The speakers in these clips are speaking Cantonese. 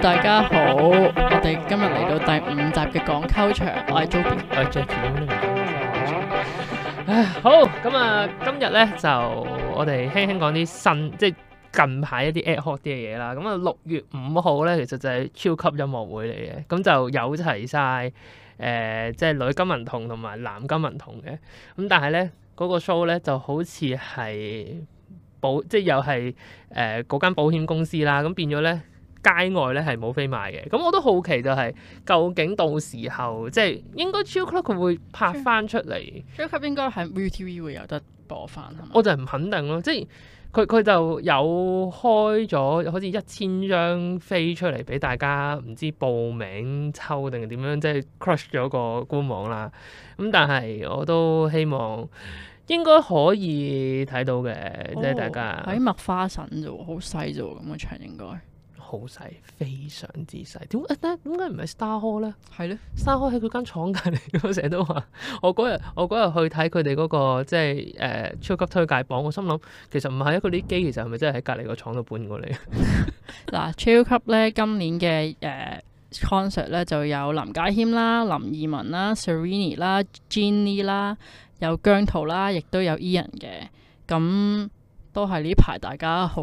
大家好，我哋今日嚟到第五集嘅廣溝場，我係 Joey，我係 Jacky。唉，好，咁、嗯、啊，今日咧就我哋輕輕講啲新，即係近排一啲 at hot 啲嘅嘢啦。咁、嗯、啊，六、嗯、月五號咧，其實就係超級音樂會嚟嘅，咁、嗯、就有齊晒誒，即係女金銀銅同埋男金銀銅嘅。咁、嗯、但係咧，嗰、那個 show 咧就好似係保，即係又係誒嗰間保險公司啦。咁、嗯、變咗咧。街外咧係冇飛賣嘅，咁我都好奇就係究竟到時候即係應該 Chill Club 佢會拍翻出嚟。Chill Club 應該係 ViuTV 會有得播翻我就唔肯定咯，即係佢佢就有開咗好似一千張飛出嚟俾大家，唔知報名抽定點樣？即係 crush 咗個官網啦。咁但係我都希望應該可以睇到嘅，哦、即係大家。喺麥花臣啫，好細啫，咁嘅場應該。好細，非常之細。點咧？點解唔係 Star Hall 咧？係咧 Star Hall 喺佢間廠隔離，我成日都話。我嗰日，我嗰日去睇佢哋嗰個即係誒 Chill Club 推介榜，我心諗其實唔係一個啲機，其實係咪真係喺隔離個廠度搬過嚟？嗱、 啊，Chill Club 咧，今年嘅誒、uh, concert 咧就有林家謙啦、林二汶啦、Serrini 啦、Jenny 啦，有姜濤啦，亦都有 Ian 嘅，咁都係呢排大家好。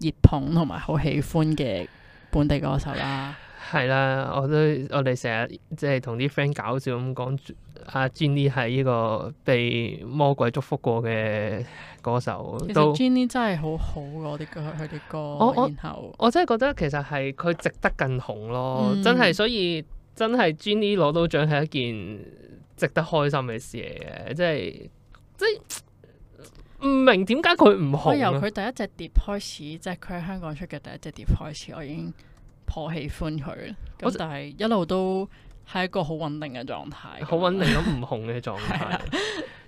熱捧同埋好喜歡嘅本地歌手啦、啊，係啦、嗯，我都我哋成日即係同啲 friend 搞笑咁講，阿 Jenny 係呢個被魔鬼祝福過嘅歌手，其實都 Jenny 真係好好我啲佢啲歌，然我，我，後我真係覺得其實係佢值得更紅咯，嗯、真係，所以真係 Jenny 攞到獎係一件值得開心嘅事嚟嘅，即係即係。唔明點解佢唔紅啊？我由佢第一隻碟開始，即係佢喺香港出嘅第一隻碟開始，我已經頗喜歡佢啦。咁就但係一路都係一個好穩定嘅狀，狀態，好穩定咁唔紅嘅狀態。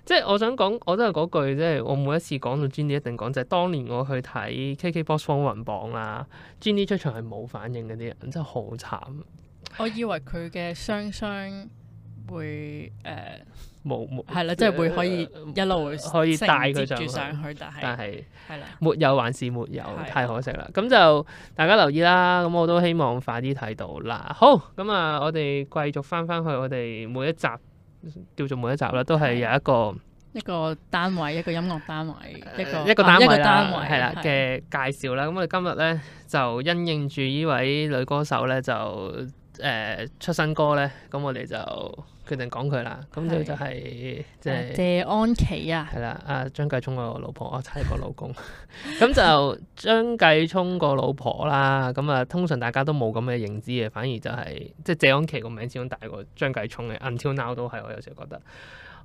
即係我想講，我都係嗰句，即係我每一次講到 Jenny，一定講就係當年我去睇 KKBOX 風雲榜啦，Jenny 出場係冇反應嗰啲人，真係好慘。我以為佢嘅雙雙會誒。呃冇冇，係啦， 即係會可以一路可以帶佢上去，但係，但係，係啦，沒有還是沒有，太可惜啦。咁的就大家留意啦。咁我都希望快啲睇到啦。好，咁啊，我哋繼續翻翻去我哋每一集，叫做每一集啦，都係有一個一個單位，一個音樂單位，一個一個單位，一個單位係啦嘅介紹啦。咁我哋今日咧就因應住呢位女歌手咧就。誒出新歌咧，咁我哋就決定講佢啦。咁就係、就係即係謝安琪啊，係啦，阿、啊、張繼聰個老婆啊，妻個、 哦、老公。咁 就張繼聰個老婆啦。咁啊，通常大家都冇咁嘅認知嘅，反而就係、係、即係謝安琪個名始終大過張繼聰嘅。until now 都係我有時候覺得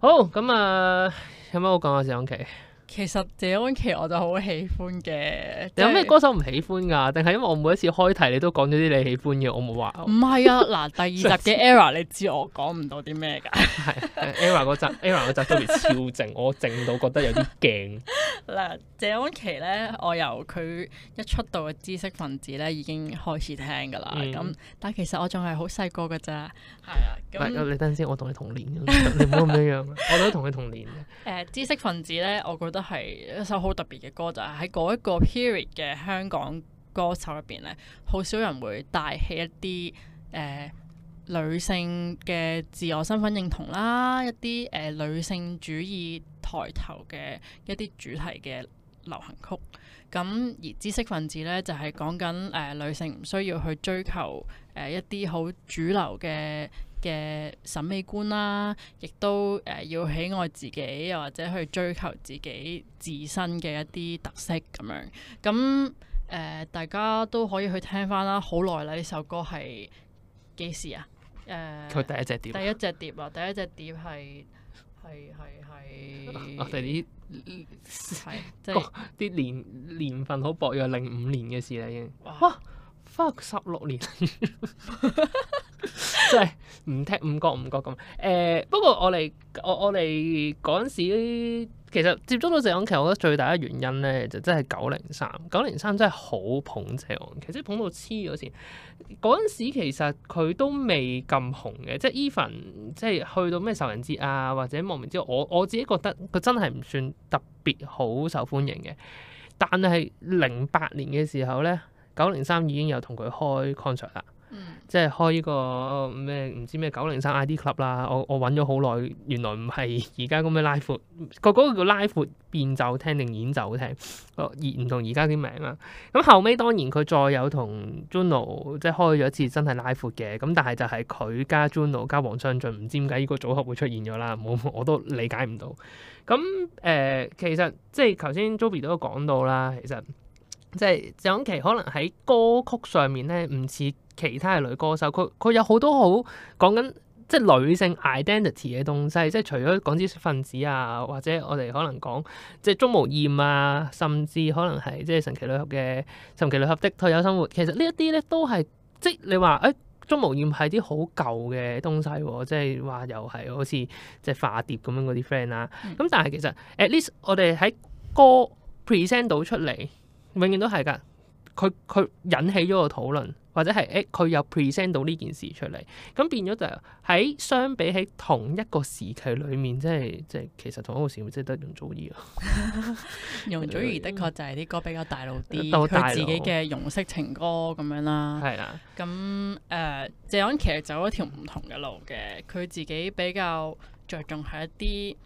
好。咁啊，有乜好講啊？謝安琪。其實謝安琪我就好喜歡嘅，是有咩歌手唔喜歡噶？定係因為我每一次開題你都講咗啲你喜歡嘅，我冇話。唔係、oh, 啊，嗱，第二集嘅 Era 你知我講唔到啲咩㗎？係 Era 嗰集 Era 嗰集都特別超正，我正到覺得有啲驚。嗱 謝安琪咧，我由佢一出道嘅知識分子咧已經開始聽㗎啦。咁、嗯、但其實我仲係好細個㗎咋。係啊，咁你等陣先，我同你同年，你唔好咁樣樣。我都同佢同年嘅 呃。知識分子咧，我覺得。都係一首好特別嘅歌，就係喺嗰一個 period 嘅香港歌手入邊咧，好少人會帶起一啲誒、呃、女性嘅自我身份認同啦，一啲誒、呃、女性主義抬頭嘅一啲主題嘅流行曲。咁而知識分子呢，就係講緊誒女性唔需要去追求誒、呃、一啲好主流嘅。嘅審美觀啦，亦都誒要喜愛自己，又或者去追求自己自身嘅一啲特色咁樣。咁誒、呃，大家都可以去聽翻啦。好耐啦，呢首歌係幾時啊？誒、呃，佢第一隻碟，第一隻碟，第一隻碟啊，第一隻碟係係係係，我哋啲係即係啲年年份好薄嘅零五年嘅事啦已經。哇，返去十六年。 即係唔踢五角五角咁誒，不過我哋我我哋嗰陣時其實接觸到謝安琪，我覺得最大嘅原因咧，就真係九零三九零三真係好捧謝安琪，即係捧到黐咗線。嗰陣時其實佢都未咁紅嘅，即係 even 即係去到咩愁人節啊或者莫名之，我我自己覺得佢真係唔算特別好受歡迎嘅。但係零八年嘅時候咧，九零三已經有同佢開 concert 啦。即係開呢個咩唔、哦、知咩九零三 ID club 啦，我我搵咗好耐，原來唔係而家咁嘅拉闊個嗰個叫拉闊變奏聽定演奏聽？而唔同而家啲名啦。咁、嗯、後尾當然佢再有同 Juno 即係開咗一次真係拉闊嘅，咁但係就係佢加 Juno 加黃湘俊，唔知點解呢個組合會出現咗啦，我我都理解唔到。咁、嗯、誒、呃，其實即係頭先 Joey 都講到啦，其實即係上期可能喺歌曲上面咧唔似。其他嘅女歌手，佢佢有好多好講緊即係女性 identity 嘅東西，即係除咗講知識分子啊，或者我哋可能講即係鍾無豔啊，甚至可能係即係神奇女俠嘅神奇女俠的退休生活。其實呢一啲咧都係即係你話誒鍾無豔係啲好舊嘅東西，啊，即係話又係好似即係化蝶咁樣嗰啲 friend 啊。咁、嗯、但係其實 at least 我哋喺歌 present 到出嚟，永遠都係噶，佢佢引起咗個討論。或者係誒佢又 present 到呢件事出嚟，咁變咗就喺相比起同一個時期裏面，即係即係其實同一個時期即係得容祖兒咯。 容祖兒的確就係啲歌比較大路啲，佢自己嘅容式情歌咁樣啦。係啦的，咁誒、呃、謝安琪其實走咗條唔同嘅路嘅，佢自己比較着重喺一啲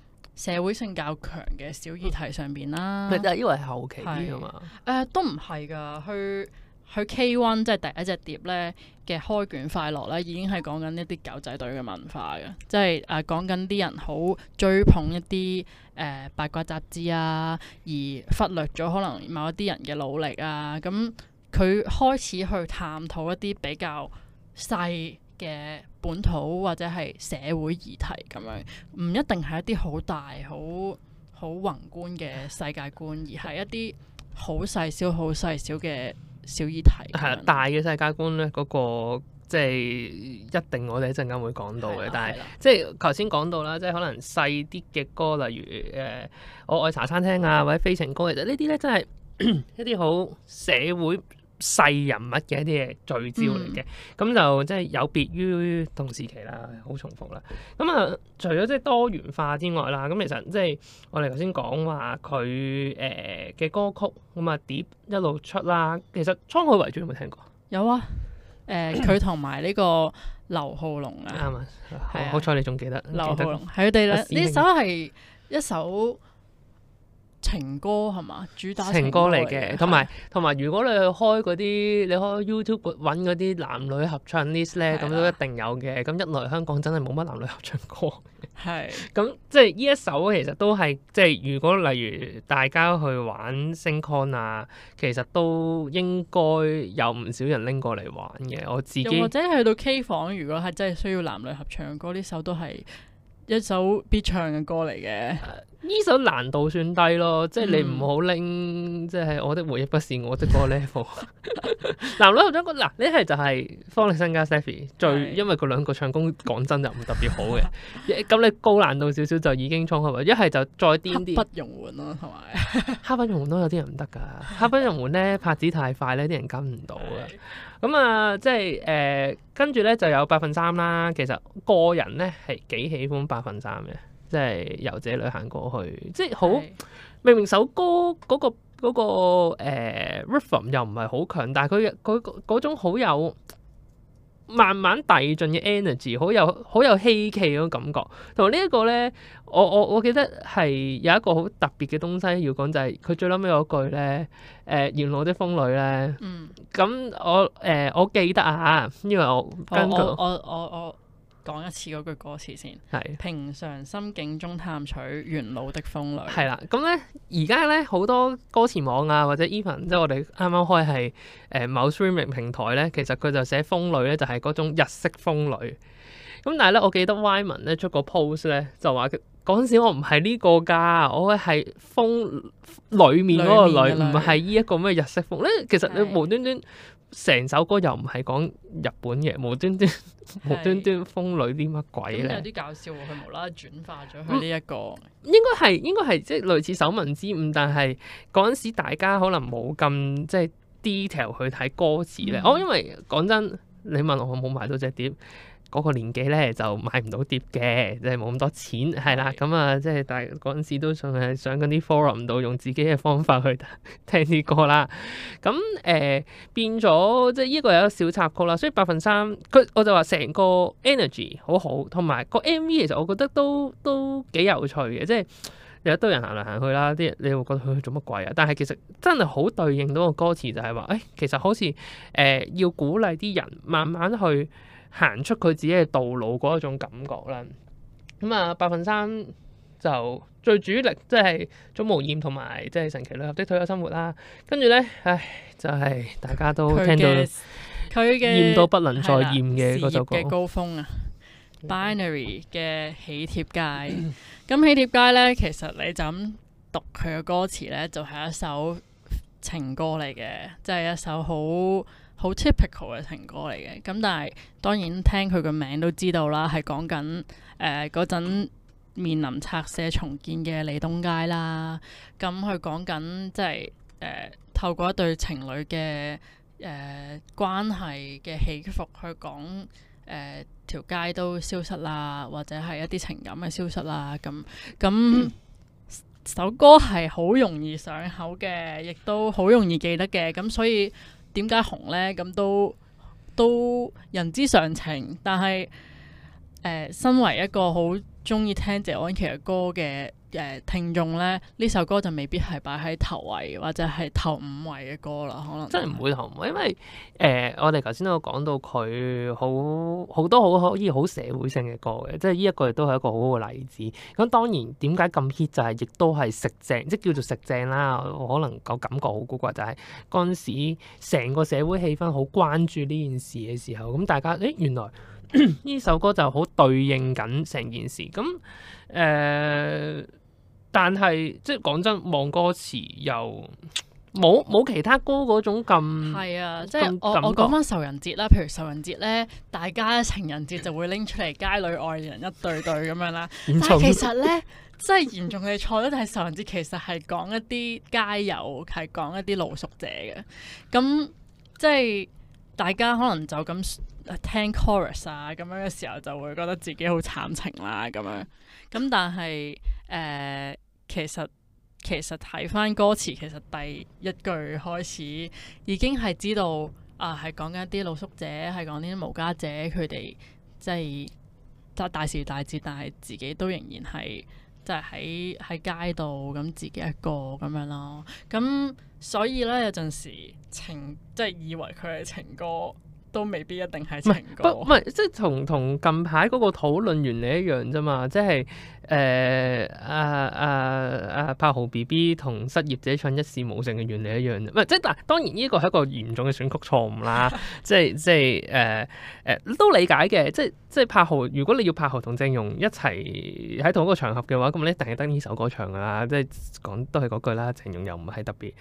社會性較強嘅小議題上邊啦。嗯、就因為後期啊嘛，誒、呃、都唔係噶去。去 K One 即係第一隻碟呢嘅開卷快樂呢，已經係講緊一啲狗仔隊嘅文化嘅，即係誒講緊啲人好追捧一啲誒、呃、八卦雜誌啊，而忽略咗可能某一啲人嘅努力啊。咁、嗯、佢開始去探討一啲比較細嘅本土或者係社會議題咁樣，唔一定係一啲好大好好宏觀嘅世界觀，而係一啲好細小、好細小嘅。小議題，係啦，大嘅世界觀咧，嗰、那個即係一定我，我哋一陣間會講到嘅。但係即係頭先講到啦，即係可能細啲嘅歌，例如誒、呃、我愛茶餐廳啊，的或者非情歌，其實呢啲咧真係一啲好社會。細人物嘅一啲嘅聚焦嚟嘅，咁、嗯、就即係有別於同時期啦，好重複啦。咁啊，除咗即係多元化之外啦，咁其實即係我哋頭先講話佢誒嘅歌曲咁啊碟一路出啦。其實《滄海遺珠》有冇聽過？有啊，誒佢同埋呢個劉浩龍啊，啱 啊，係 好彩你仲記得劉浩龍，係佢哋咧呢首係一首。情歌係嘛，主打情歌嚟嘅，同埋同埋，的如果你去開嗰啲，你開 YouTube 搵嗰啲男女合唱 list 咧的，咁都一定有嘅。咁一來香港真係冇乜男女合唱歌，係咁的即係呢一首，其實都係即係如果例如大家去玩 SingCon 啊，其實都應該有唔少人拎過嚟玩嘅。我自己或者去到 K 房，如果係真係需要男女合唱歌，呢首都係。一首必唱嘅歌嚟嘅，呢、啊、首難度算低咯，即係你唔好拎，即係、嗯、我的回憶不是我的嗰個 level。 男女合唱嗱，呢、啊、係就係方力申加 Stephy 最， 因為佢兩個唱功講真就唔特別好嘅，咁 你高難度少少，少就已經衝開埋，一係就再癲啲。刻不容緩咯，同埋刻不容緩都有啲人唔得噶， 刻不容緩咧，拍子太快咧，啲人跟唔到嘅。咁、嗯、啊，即係誒，跟住咧就有百分三啦。其實個人咧係幾喜歡百分三嘅，即係由自己旅行過去，即係好是明明首歌嗰、那個嗰、那個誒、呃、rhythm 又唔係好強，但係佢佢嗰種好有。慢慢遞進嘅 energy，好有好有希奇嗰種感覺。同埋呢一個咧，我我我記得係有一個好特別嘅東西要講，就係佢最撚尾嗰句咧，誒《沿路的風女》咧。嗯。咁我誒，我記得啊嚇、就是呃嗯呃，因為我跟住我我我。我我我我講一次嗰句歌詞先，係的平常心境中探取元老的風裏。係啦，咁咧而家咧好多歌詞網啊，或者 even 即係我哋啱啱開係誒、呃、某 streaming 平台咧，其實佢就寫風呂咧，就係嗰種日式風呂。咁但係咧，我記得 Wyman 咧出呢個 post 咧就話，嗰陣時我唔係呢個㗎，我係風裏面嗰個女，唔係呢一個咩日式風呂咧。的其實你無端端，端。成首歌又唔係講日本嘅，無端端無端端風裏啲乜鬼咧？有啲搞笑，佢無啦啦轉化咗去呢一個。應該係應該係即係類似手民之誤，但係嗰陣時大家可能冇咁即係 detail 去睇歌詞咧。嗯、哼哦，因為講真，你問我我冇買到隻碟。嗰個年紀咧就買唔到碟嘅，即係冇咁多錢，係啦，咁啊，即係但嗰陣時都仲係上緊啲 forum 度用自己嘅方法去聽啲歌啦。咁誒、呃、變咗，即係呢個有一個小插曲啦。所以百分三，佢我就話成個 energy 好好，同埋個 MV 其實我覺得都都幾有趣嘅，即係有一堆人行嚟行去啦，啲人你會覺得佢、哎、做乜鬼啊？但係其實真係好對應到個歌詞，就是，就係話誒，其實好似誒、呃、要鼓勵啲人慢慢去。行出佢自己嘅道路嗰一種感覺啦，咁啊，百分三就最主力，即係《鍾無艷》同埋即係《神奇女俠》的退休生活啦。跟住咧，唉，就係、是、大家都聽到佢嘅厭到不能再厭嘅嗰首歌嘅高峰啊，Binary 嘅喜帖街，咁喜 帖街咧，其實你就咁讀佢嘅歌詞咧，就係、是、一首情歌嚟嘅，即、就、係、是、一首好。好 typical 嘅情歌嚟嘅，咁但係當然聽佢嘅名都知道啦，係講緊誒嗰陣面臨拆卸重建嘅利東街啦。咁佢講緊即係誒透過一對情侶嘅誒關係嘅起伏去講誒、呃、條街都消失啦，或者係一啲情感嘅消失啦。咁、嗯、咁、嗯、 首歌係好容易上口嘅，亦都好容易記得嘅。咁、嗯、所以點解紅呢？咁都都人之常情，但係，呃，身為一個好中意聽謝安琪嘅歌嘅誒聽眾咧，呢首歌就未必係擺喺頭位或者係頭五位嘅歌啦，可能。真係唔會同，因為誒，我哋頭先都有講到佢好好多好可以好社會性嘅歌嘅，即係呢一個亦都係一個好好嘅例子。咁當然點解咁 hit 就係亦都係食正，即係叫做食正啦。我可能個感覺好古怪，就係嗰陣時成個社會氣氛好關注呢件事嘅時候，咁大家誒原來。呢 首歌就好對應緊成件事，咁誒、呃，但係即係講真，望歌詞又冇冇其他歌嗰種咁係、哦、啊！即係我覺我講翻仇人節啦，譬如仇人節咧，大家情人節就會拎出嚟街裏愛人一對對咁樣啦。 重的 但係其實咧， 真係嚴重嘅錯咧，就係、是、仇人節其實係講一啲街友，係講一啲露宿者嘅。咁即係大家可能就咁。聽 chorus 啊咁樣嘅時候就會覺得自己好慘情啦，咁樣，咁但係誒、呃、其實其實睇返歌詞其實第一句開始已經係知道啊，係講緊啲露宿者，係講啲無家者，佢哋即係大大時大節，但係自己都仍然係即係喺喺街度咁自己一個咁樣咯。咁所以咧有陣時情即係以為佢係情歌，都未必一定係，唔係即係，同同近排嗰個討論原理一樣啫嘛，即係。誒啊啊啊！柏、呃呃呃呃、豪 B B 同失業者唱一事無成嘅原理一樣，唔係即係嗱，當然呢個係一個嚴重嘅選曲錯誤啦！即係即係誒誒，都、呃呃、理解嘅。即係即係柏豪，如果你要柏豪同鄭融一齊喺同一個場合嘅話，咁你一定係得呢首歌唱㗎啦！即係講都係嗰句啦，鄭融又唔係特別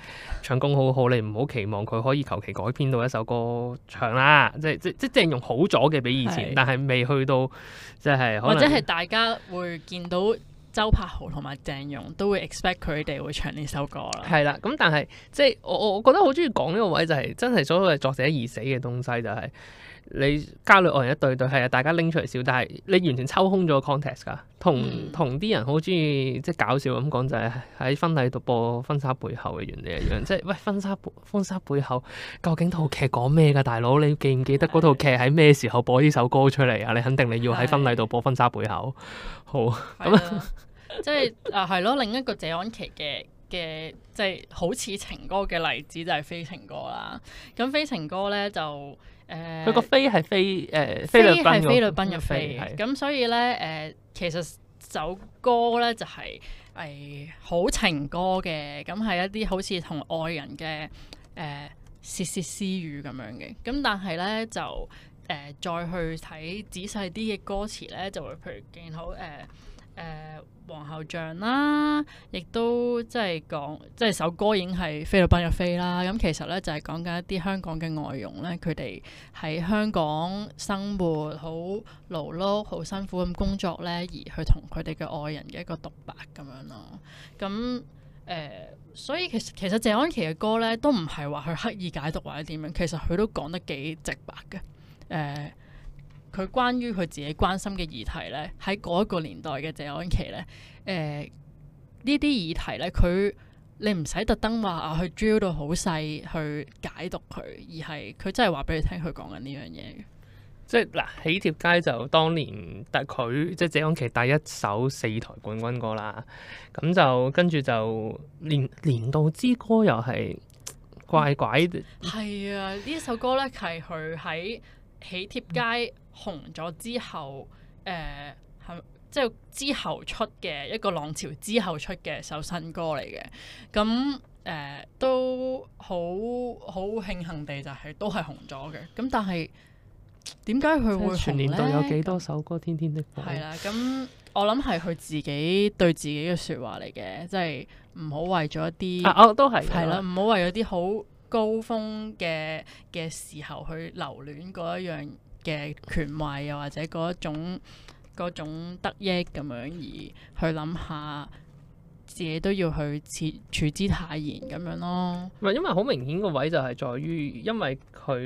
唱功好好，你唔好期望佢可以求其改編到一首歌唱啦！即、係即即鄭融好咗嘅比以前，但係未去到即係可能。或者係大家會見。到周柏豪同埋鄭融都會 expect 佢哋會唱呢首歌啦，係啦。咁、 嗯、但係即係我我覺得好鍾意講呢個位就係、是、真係所謂作者已死嘅東西就係、是。你家裏外人一對對係啊，大家拎出嚟笑，但係你完全抽空咗 context 㗎，同、嗯、同啲人好鍾意即係搞笑咁講，就係喺婚禮度播婚紗背後嘅原理一樣，嗯、即係喂婚紗婚紗背後究竟套劇講咩㗎？大佬你記唔記得嗰套劇喺咩時候播呢首歌出嚟啊？的你肯定你要喺婚禮度播婚紗背後好咁的 即係啊係咯，另一個謝安琪嘅嘅即係好似情歌嘅例子就係、是《非情歌》啦。咁《非情歌》咧就。就佢個菲係菲誒菲律賓嘅菲，咁的、嗯、所以咧誒、呃，其實首歌咧就係係好情歌嘅，咁係一啲好似同愛人嘅誒竊竊私語咁樣嘅，咁但係咧就誒、呃、再去睇仔細啲嘅歌詞咧，就會譬如見到誒。呃誒皇后像啦，亦都即係講，即係首歌已經係菲律賓嘅菲啦。咁其實呢，就係講緊一啲香港嘅外傭呢，佢哋喺香港生活好勞碌，好辛苦咁工作呢，而去同佢哋嘅愛人嘅一個獨白咁樣咯。咁、嗯、誒、呃，所以其實其實謝安琪嘅歌呢，都唔係話去刻意解讀或者點樣，其實佢都講得幾直白嘅誒。呃佢關於佢自己關心嘅議題呢，喺嗰一個年代嘅謝安琪呢，誒呢啲議題呢，佢你唔使特登話去 drill 到好細去解讀佢，而係佢真係話俾你聽，佢講緊呢樣嘢。即係嗱，喜帖街就當年得佢，即係謝安琪第一首四台冠軍歌啦。咁就跟住就年年度之歌又係怪怪。係、嗯、啊，呢首歌呢，係佢喺喜帖街，嗯紅咗之後，誒、呃，係即係之後出嘅一個浪潮，之後出嘅首新歌嚟嘅。咁、嗯、誒、呃，都好好慶幸地就係、是、都係紅咗嘅。咁但係點解佢會紅咧？全年代有幾多首歌？天天的歌係啦。咁、嗯啊嗯、我諗係佢自己對自己嘅說話嚟嘅，即係唔好為咗一啲、啊哦，都係係啦，唔好、啊、為咗啲好高峰嘅嘅時候去留戀嗰一樣。嘅權威又或者嗰一種嗰種得益咁樣，而去諗下自己都要去設處之泰然咁樣咯。唔係，因為好明顯個位就係在於，因為佢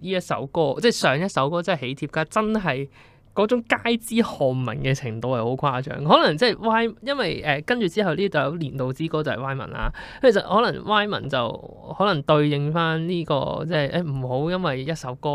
呢一首歌，即、就、係、是、上一首歌真係起貼，真係喜帖㗎，真係。嗰種街知巷聞嘅程度係好誇張，可能即係 Y，因為誒跟住之後呢就有年度之歌就係 Wyman 啦。其實可能 Wyman 就可能對應翻、這、呢個即係誒唔好因為一首歌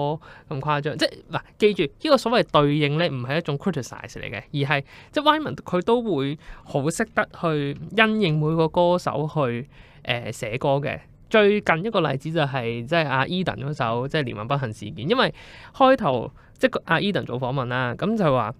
咁誇張，即係嗱、啊、記住呢、這個所謂對應咧，唔係一種 criticise 嚟嘅，而係即係 Wyman 佢都會好識得去因應每個歌手去誒、呃、寫歌嘅。最近一個例子就係即係阿伊登嗰首即係《連環不幸事件》，因為開頭即係阿 e n 做訪問啦，咁就話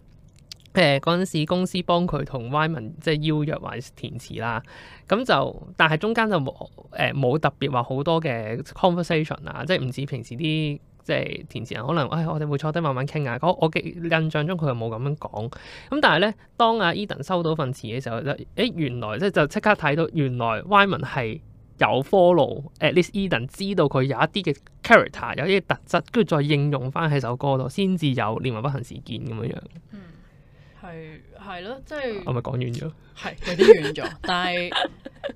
誒嗰陣時公司幫佢同 w Y 文即係邀約埋填詞啦，咁就但係中間就冇誒冇特別話好多嘅 conversation 啊，即係唔似平時啲即係填詞人可能誒、哎、我哋會坐低慢慢傾啊，我嘅印象中佢又冇咁樣講，咁但係咧當阿、e、Eden 收到份詞嘅時候就誒原來即係就即刻睇到原來、w、Y m a n 係。有 follow，At least Eden 知道佢有一啲嘅 character，有啲嘅特質，跟住再應用翻喺首歌度，先至有《連環不幸事件》咁樣樣。嗯，係係咯，即係我咪講遠咗，係有啲遠咗。但係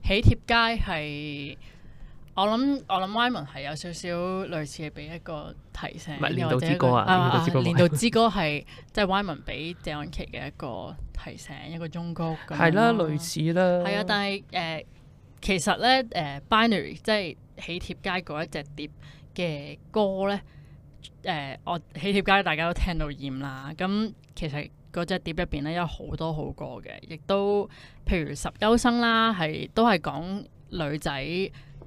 喜帖街係我諗我諗 Wyman 係有少少類似嘅俾一個提醒，年度之歌啊，年度之歌係即係 Wyman 俾謝安琪嘅一個提醒，一個忠告咁。係啦，類似啦。係啊，但係誒。其實咧，誒 Binary 即係喜帖街嗰一隻碟嘅歌咧，誒、呃、我喜帖街大家都聽到厭啦。咁其實嗰隻碟入邊咧有好多好歌嘅，亦都譬如《十優生》啦，係都係講女仔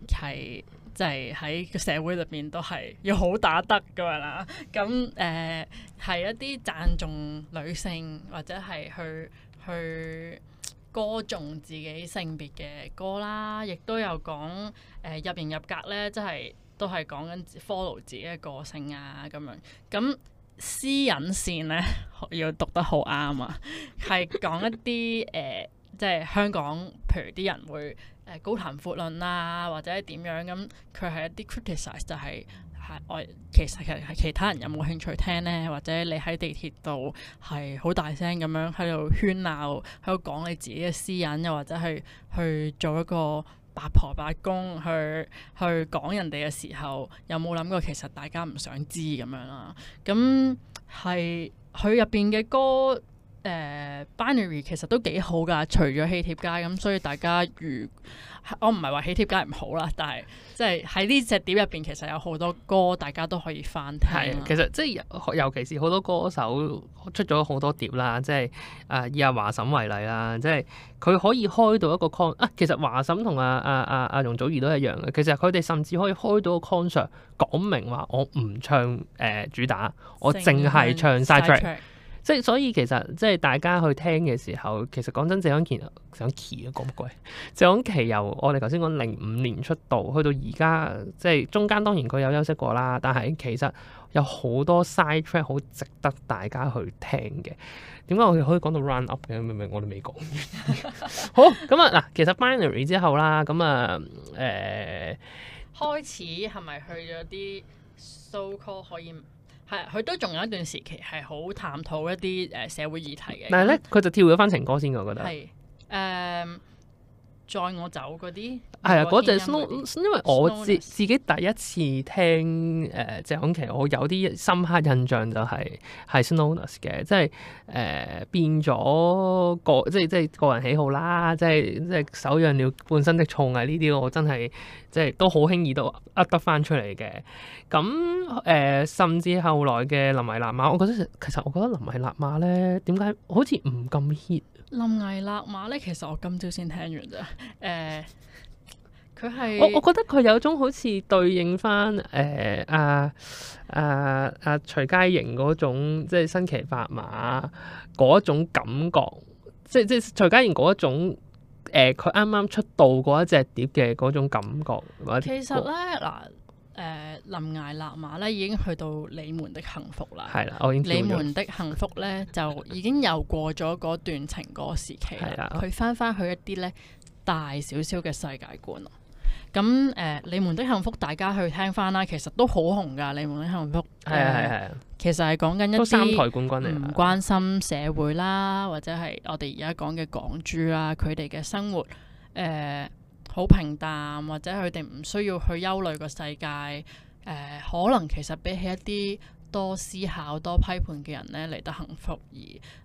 係就係喺個社會裏邊都係要好打得咁樣啦。咁誒係一啲讚頌女性或者係去去，去歌頌自己性別嘅歌啦，亦、呃、都有講誒入型入格咧，即係都係講緊 follow 自己嘅個性啊咁樣。咁私隱線咧 要讀得好啱啊，係 講一啲誒、呃，即係香港譬如啲人會誒高談闊論啊，或者點樣咁，佢係一啲 criticize 就係、是。我其實其其他人有冇興趣聽呢？或者你喺地鐵度係好大聲咁樣喺度喧鬧，喺度講你自己嘅私隱，又或者係去去做一個八婆八公去去講人哋嘅時候，有冇諗過其實大家唔想知咁樣啦？咁係佢入邊嘅歌。誒、uh, binary 其實都幾好㗎，除咗喜帖街咁，所以大家如我唔係話喜帖街唔好啦，但係即係喺呢隻碟入邊，其實有好多歌，大家都可以翻聽。係其實即、就、係、是、尤其是好多歌手出咗好多碟啦，即係啊以阿華嬸為例啦，即係佢可以開到一個 con 啊，其實華嬸同阿阿阿阿容祖兒都一樣嘅，其實佢哋甚至可以開到個 concert 講明話我唔唱誒、呃、主打，我淨係唱 side track。即係所以其實即係大家去聽嘅時候，其實講真，謝安琪想企啊，貴唔貴？謝安琪由我哋頭先講零五年出道，去到而家，即係中間當然佢有休息過啦，但係其實有好多 side track 好值得大家去聽嘅。點解我哋可以講到 run up 嘅？ 明明我哋未講。好咁啊，嗱，其實 binary 之後啦，咁啊，誒、呃、 開始係咪去咗啲 so call 可以？係，佢都仲有一段時期係好探討一啲誒社會議題嘅。但係咧，佢就跳咗翻情歌先，我覺得。係，誒、呃。載我走嗰啲，係啊，嗰隻 Snow 因為我自自己第一次聽誒謝安琪， 呃、我有啲深刻印象就係、係、係 Snowonis 嘅，即係誒、呃、變咗個，即係即係個人喜好啦，即係即係手養鳥本身的創藝呢啲，我真係即係都好輕易都得呃得翻出嚟嘅。咁誒，甚至後來嘅林迷立馬，我覺得其實我覺得林迷立馬咧，點解好似唔咁 hit？林危勒馬咧，其實我今朝先聽完咋。誒、呃，佢係我，我覺得佢有種好似對應翻誒，阿阿阿徐佳瑩嗰種，即係身騎白馬嗰種感覺，即即徐佳瑩嗰種，誒、呃，佢啱啱出道嗰一隻碟嘅嗰種感覺。感覺其實咧嗱。誒、呃、林艾納馬咧已經去到你們的幸福啦，係啦，你們的幸福咧就已經又過咗嗰段情歌時期啦，佢翻翻去一啲咧大少少嘅世界觀咯。咁誒，你們的幸福大家去聽翻啦，其實都好紅噶。你們的幸福係啊，係係啊，其實係講緊一啲三台冠軍嚟，唔關心社會啦，或者係我哋而家講嘅港豬啦，佢哋嘅生活誒。呃好平淡，或者佢哋唔需要去憂慮個世界。誒、呃，可能其實比起一啲多思考、多批判嘅人呢，嚟得幸福。而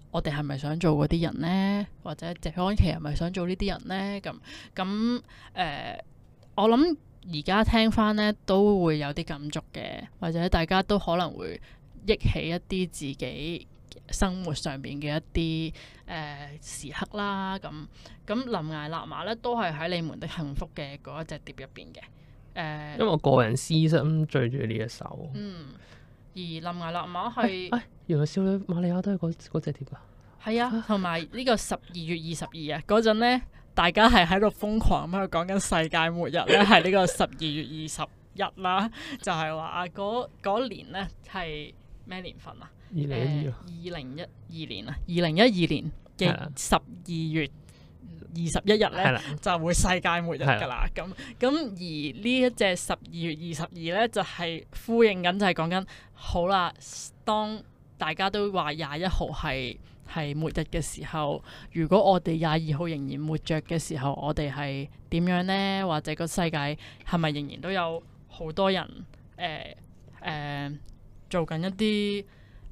我哋係咪想做嗰啲人呢？或者謝安琪係咪想做呢啲人呢？咁咁誒，我諗而家聽翻呢都會有啲感觸嘅，或者大家都可能會憶起一啲自己。生活上邊嘅一啲誒、呃、時刻啦，咁咁臨崖勒馬咧都係喺你們的幸福嘅嗰一隻碟入邊嘅，誒、呃。因為我個人私心最中意呢一首。嗯，而臨崖勒馬係、哎哎、原來少女瑪利亞都係嗰嗰隻碟啊，係啊，同埋 呢個十二月二十二啊，嗰陣咧大家係喺度瘋狂咁去講緊世界末日咧，係呢 個十二月二十一日啦，就係話啊嗰年咧係咩年份啊？二零一二二零一二年啊，二零一二年嘅十二月二十一日咧，的就會世界末日噶啦咁咁。的而呢一隻十二月二十二咧，就係、是、呼應緊，就係講緊好啦。當大家都話廿一號係係末日嘅時候，如果我哋廿二號仍然末着嘅時候，我哋係點樣呢？或者個世界係咪仍然都有好多人誒誒、呃呃、做緊一啲？誒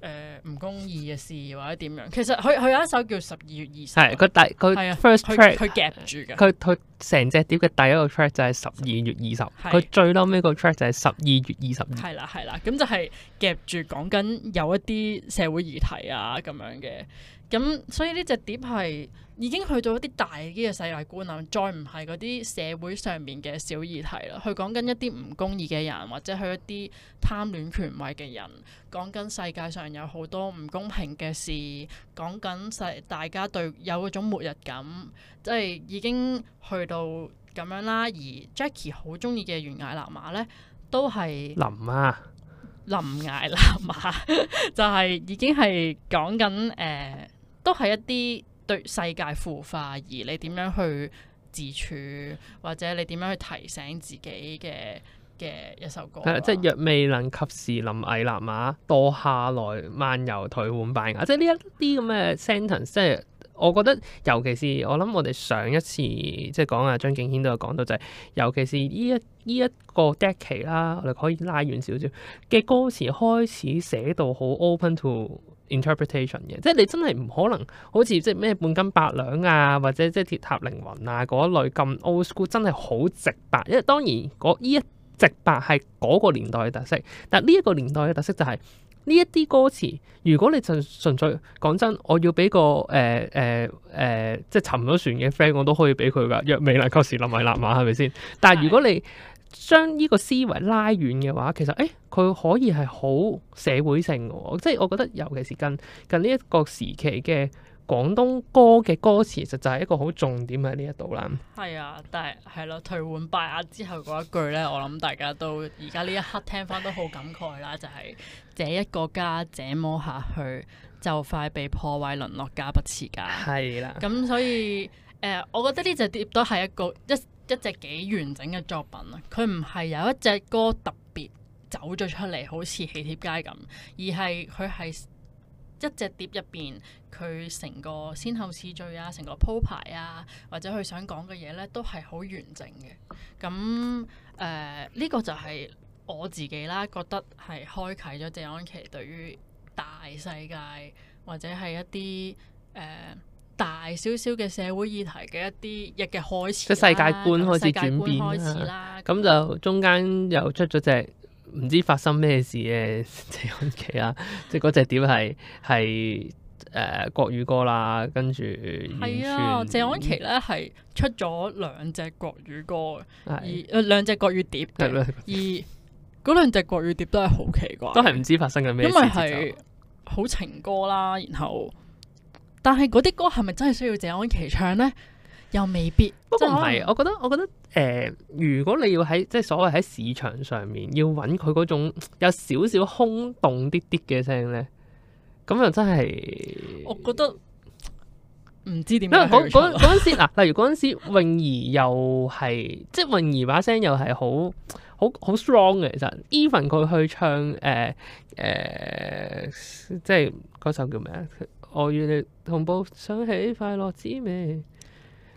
誒唔公義嘅事或者點樣，其實佢佢有一首叫十二月二十，係佢第佢 first track 佢夾住嘅，佢佢成隻碟嘅第一個 track 就係十二月二十，佢最嬲尾個 track 就係十二月二十，係啦係啦，咁、啊、就係夾住講緊有一啲社會議題啊咁樣嘅。咁、嗯、所以呢隻碟係已經去到一啲大啲嘅世界觀啦，再唔係嗰啲社會上面嘅小議題啦。佢講緊一啲唔公義嘅人，或者去一啲貪戀權位嘅人，講緊世界上有好多唔公平嘅事，講緊世大家對有嗰種末日感，即係已經去到咁樣啦。而 Jacky 好中意嘅《懸崖勒馬》呢，都係林啊，《林崖勒馬》 就係已經係講緊誒。呃都係一啲對世界腐化，而你點樣去自處，或者你點樣去提醒自己嘅嘅一首歌。嗯嗯、即係若未能及時臨危立馬，墮下來漫遊頹垣敗瓦，即係呢一啲咁嘅 sentence。即係我覺得，尤其是我諗，我哋上一次即係講啊，張敬軒都有講到，就係、是、尤其是呢一依一呢一,一個 decade 啦，我哋可以拉遠少少嘅歌詞，開始寫到好 open to Interpretation 嘅，即係你真係唔可能，好似即係咩半斤八兩啊，或者即係鐵塔凌雲啊嗰類咁 old school，真係好直白。因為當然呢一直白係嗰個年代嘅特色，但呢一個年代嘅特色就係呢一啲歌詞，如果你純純粹講真，我要俾個誒誒誒即係沉咗船嘅 friend，我都可以俾佢噶。約未啦，及時立埋立馬係咪先？但係如果你將呢個思維拉遠嘅話，其實誒佢、欸、可以係好社會性嘅，即係我覺得，尤其是近近呢一個時期嘅廣東歌嘅歌詞，其實就係一個好重點喺呢一度啦。係啊，但係係咯，退換、啊、拜阿之後嗰一句咧，我諗大家都而家呢一刻聽返都好感慨啦， 就係、是、這一個家這麼下去，就快被破壞，淪落家不似家。係啦、啊，咁所以誒、呃，我覺得呢隻碟都係一個一。一隻幾完整嘅作品啊！佢唔係有一隻歌特別走咗出嚟，好似《喜帖街》咁，而係佢係一隻碟入邊，佢成個先後次序啊，成個鋪排啊，或者佢想講嘅嘢呢都係好完整嘅。咁誒，呢、呃呢個就係我自己啦，覺得係開啟咗謝安琪對於大世界或者係一啲誒。呃大少少嘅社會議題嘅一啲日嘅開始啦，即世界觀開始轉變啦。咁就中間又出咗隻唔知發生咩事嘅謝安琪啦，即係嗰隻碟係係誒國語歌啦，跟住完全啊，嗯、謝安琪咧係出咗兩隻國語歌，而誒兩隻國語碟，啊、而嗰兩隻國語碟都係好奇怪， 都係唔知發生緊咩，因為係好情歌啦，然後。但係嗰啲歌係咪真係需要謝安琪唱咧？又未必。不過唔係，嗯、我覺得，我覺得，誒、呃，如果你要喺即係所謂喺市場上面要揾佢嗰種有少少空洞啲啲嘅聲咧，咁又真係。我覺得唔知點。因為嗰嗰嗰陣時嗱， 例如嗰陣時泳兒又係，即係泳兒把聲又係好好好 strong 嘅。其實，even 佢去唱誒誒、呃呃，即係嗰首叫咩啊？我與你同步，想起快樂滋味。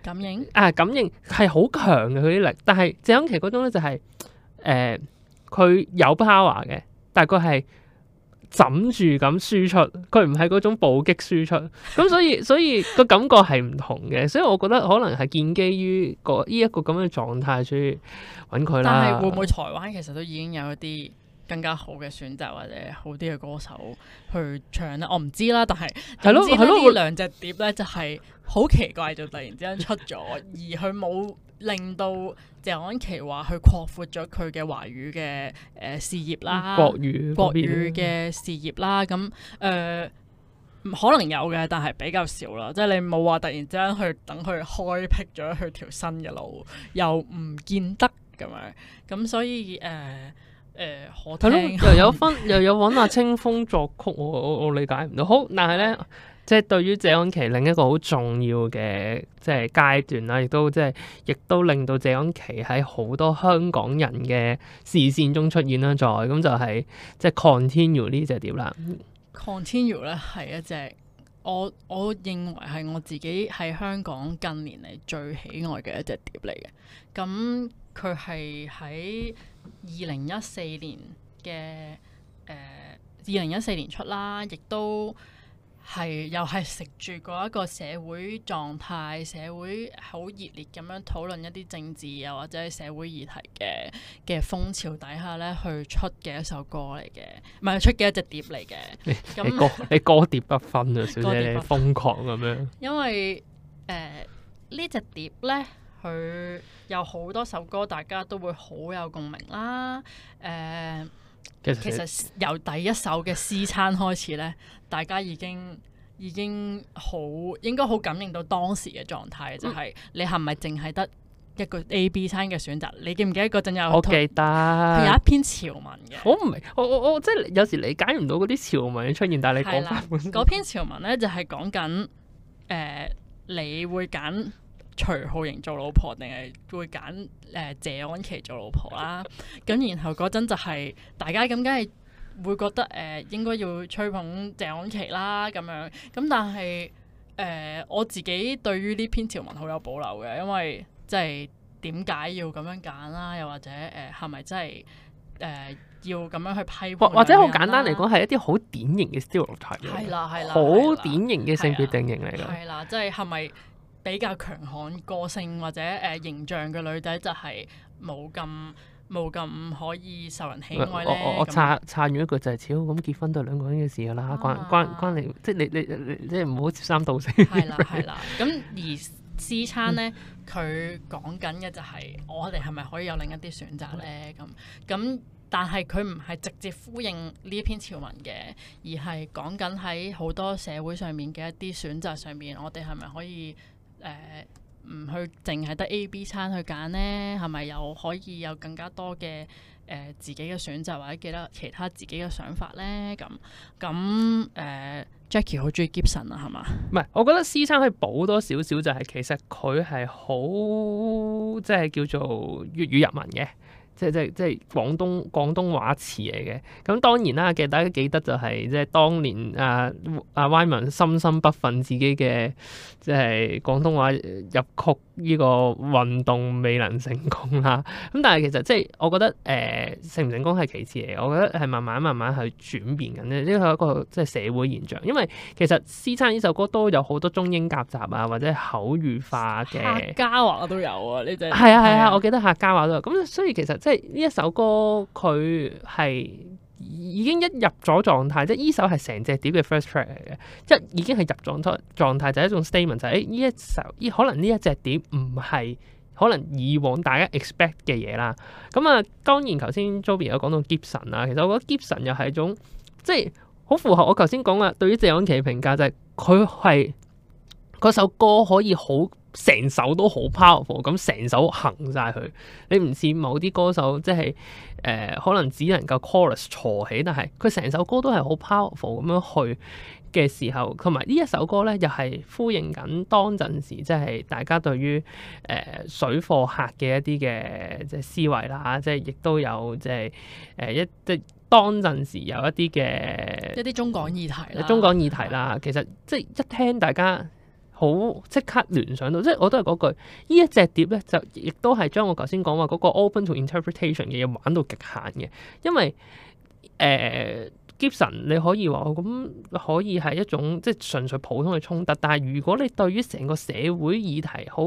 感應啊，感應係好強嘅佢啲力，但係謝安琪嗰種咧就係誒佢有 power 嘅，但佢係枕住咁輸出，佢唔係嗰種暴擊輸出，咁所以所以個感覺係唔同嘅， 所以我覺得可能係建基於個呢一個咁嘅狀態，所以搵佢啦。但係會唔會台灣其實都已經有一啲？更加好嘅選擇或者好啲嘅歌手去唱咧，我唔知啦。但係，但係呢兩隻碟咧就係好奇怪，就突然之間出咗， 而佢冇令到謝安琪話去擴闊咗佢嘅華語嘅誒事業啦，國語國語嘅事業啦。咁誒、嗯呃、可能有嘅，但係比較少啦。即、就、係、是、你冇話突然之間去等佢開闢咗佢條新嘅路，又唔見得咁樣。咁所以誒。呃誒，係、呃、咯，嗯、又有分， 又有搵阿清風作曲，我我我理解唔到。好，但係咧，即係對於謝安琪另一個好重要嘅，即係階段啦，亦都即係，亦都令到謝安琪喺好多香港人嘅視線中出現啦。再咁就係、是、即係 continue 呢隻碟啦。continue 咧係一隻我我認為係我自己喺香港近年嚟，最喜愛嘅一隻碟嚟嘅。咁佢係喺。二零一四年嘅誒，二零一四年出啦，亦都係又係食住嗰一個社會狀態，社會好熱烈咁樣討論一啲政治又或者係社會議題嘅嘅風潮底下呢，去出嘅一首歌嚟嘅，唔係出嘅一隻碟嚟嘅。咁你 歌你歌碟不分啊，小姐瘋狂咁樣。 因為誒呢隻碟呢。佢有好多首歌，大家都會好有共鳴啦。誒，其實由第一首嘅私餐開始咧，大家已經已經好應該好感應到當時嘅狀態，就係你係咪淨係得一個 A、B 餐嘅選擇？你記唔記得嗰陣有？好記得有一篇潮文嘅。我唔明，我我我即係有時理解唔到嗰啲潮文嘅出現。但係你講嗰篇潮文咧，就係講緊誒，你會揀。徐浩瑩做老婆定係會揀誒謝安琪做老婆啦？咁然後嗰陣就係大家咁，梗係會覺得誒應該要吹捧謝安琪啦，咁樣咁，但係誒我自己對於呢篇條文好有保留嘅，因為即係點解要咁樣揀啦？又或者誒係咪真係誒要咁樣去批？或者好簡單嚟講，係一啲好典型嘅 stereotype，係啦係啦，好典型嘅性別定型嚟嘅的，係啦對，即係係咪？比較強悍、個性或者誒形象嘅女仔就係冇咁冇咁可以受人喜愛咧。我我岔岔遠一句就係：始終咁結婚都係兩個人嘅事㗎啦，關關關你即係你你你即係唔好接三道四。係啦係啦。咁而師餐咧，佢講緊嘅就係我哋係咪可以有另一啲選擇咧？咁咁，但係佢唔係直接呼應呢一篇潮文嘅，而係講緊喺好多社會上面嘅一啲選擇上面，我哋係咪可以？誒唔、呃、去淨係得 A、B 餐去揀呢，係咪又可以有更加多嘅誒、呃、自己嘅選擇，或者記得其他自己嘅想法呢？咁咁誒，Jackie 好鍾意 Gibson 啊，係嘛？唔係，我覺得 C 餐可以補多少少，就係其實佢係好即係叫做粵語入文嘅。即係即係即係廣東廣東話詞嚟嘅，咁當然啦嘅，大家記得就係、是、即係當年啊啊 Wyman 深深不忿自己嘅即係廣東話入曲呢個運動未能成功啦。咁但係其實即係我覺得誒成唔成功係其次嚟嘅，我覺得係、呃、慢慢慢慢去轉變緊咧，呢個係一個即係社會現象。因為其實《獅餐呢首歌都有好多中英夾雜啊，或者口語化嘅客家話都有啊，呢只係啊係、嗯、啊，我記得客家話都有。咁所以其實即係呢一首歌，佢係已經一入咗狀態，即係呢首係成隻碟嘅 first track 嚟嘅，即係已經係入狀態，狀態就係一種 statement，就係誒呢一首，呢可能呢一隻碟唔係可能以往大家 expect 嘅嘢啦。咁、嗯、啊，當然頭先 Joby 有講到 Gibson 啊，其實我覺得 Gibson 又係一種即係好符合我頭先講啊，對於謝安琪嘅評價就係佢係嗰首歌可以好。成首都好 powerful，咁成首行晒佢，你唔似某啲歌手即係誒、呃，可能只能夠 chorus 坐起，但係佢成首歌都係好 powerful 咁樣去嘅時候，同埋呢一首歌咧又係呼應緊當陣時，即係大家對於誒、呃、水貨客嘅一啲嘅即係思維啦，即係亦都有即係誒、呃、一即係當陣時有一啲嘅一啲中港議題啦，中港議題啦，的其實即係一聽大家。好即刻聯想到，即係我都係嗰句，呢一隻碟咧就亦都係將我頭先講話嗰個 open to interpretation 嘅嘢玩到極限嘅，因為誒、呃，Gibson 你可以話我咁可以係一種即係純粹普通嘅衝突，但係如果你對於成個社會議題好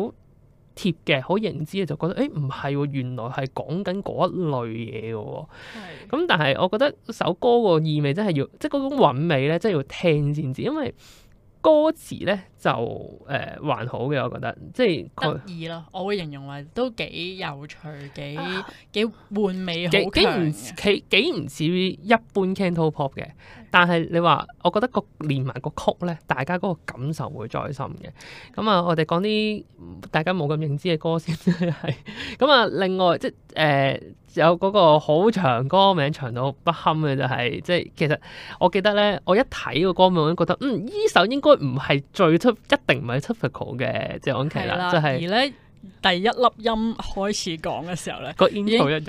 貼嘅、好認知嘅，就覺得誒唔係喎，原來係講緊嗰一類嘢嘅喎，係咁。但係我覺得首歌個意味真係要，即係嗰種韻味咧，真係要聽先至，因為。歌詞咧就誒還好嘅，我覺得,、呃、我覺得即係得意咯。我會形容話都幾有趣，幾幾換味好強嘅。幾唔幾唔似一般 Cantopop 嘅。但係你話，我覺得個連埋個曲咧，大家嗰個感受會再深嘅。咁啊，我哋講啲大家冇咁認知嘅歌先，係咁啊。另外即係誒、呃、有嗰個好長歌名長到不堪嘅就係、是，即係其實我記得咧，我一睇個歌名我都覺得，嗯，依首應該唔係最出，一定唔係出發口嘅謝安琪啦，就係的是而咧第一粒音開始講嘅時候咧，個 intro 一樣，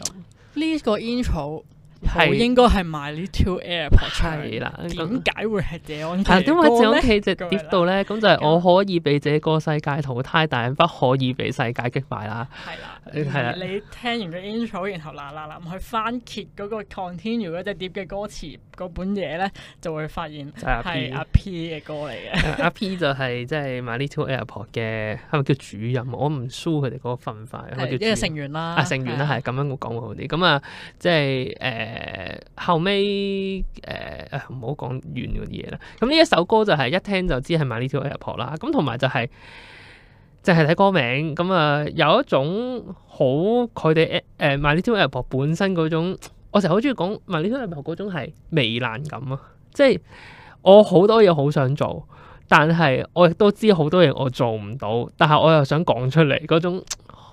呢、哎這個 intro 係應該係賣呢條 app i r o 出嚟啦。點解會係坐安企多咧？因安企直跌到咧，咁就係我可以被這個世界淘汰，但係不可以被世界擊敗啦。你聽完個 intro，然後嗱嗱嗱去翻揭嗰個 continue 嗰隻碟嘅歌詞嗰本嘢咧，就會發現係阿 P 嘅歌嚟嘅。阿 P、啊、 p 就係即係 My Little Airport 嘅，係咪叫主任？我唔 sure 佢哋嗰個分法。的我叫一個成員啦。啊，成員啦，係咁的樣講好啲。咁啊、就是，即係誒後尾誒唔好講完嗰啲嘢啦。咁呢一首歌就係一聽就知係 My Little Airport 啦。咁同埋就係、是。就係睇歌名，咁、嗯、啊有一種好佢哋誒，My Little Airport 本身嗰種，我成日好中意講 My Little Airport 嗰種係糜爛感啊！即係我好多嘢好想做，但係我亦都知好多嘢我做唔到，但係我又想講出嚟嗰種。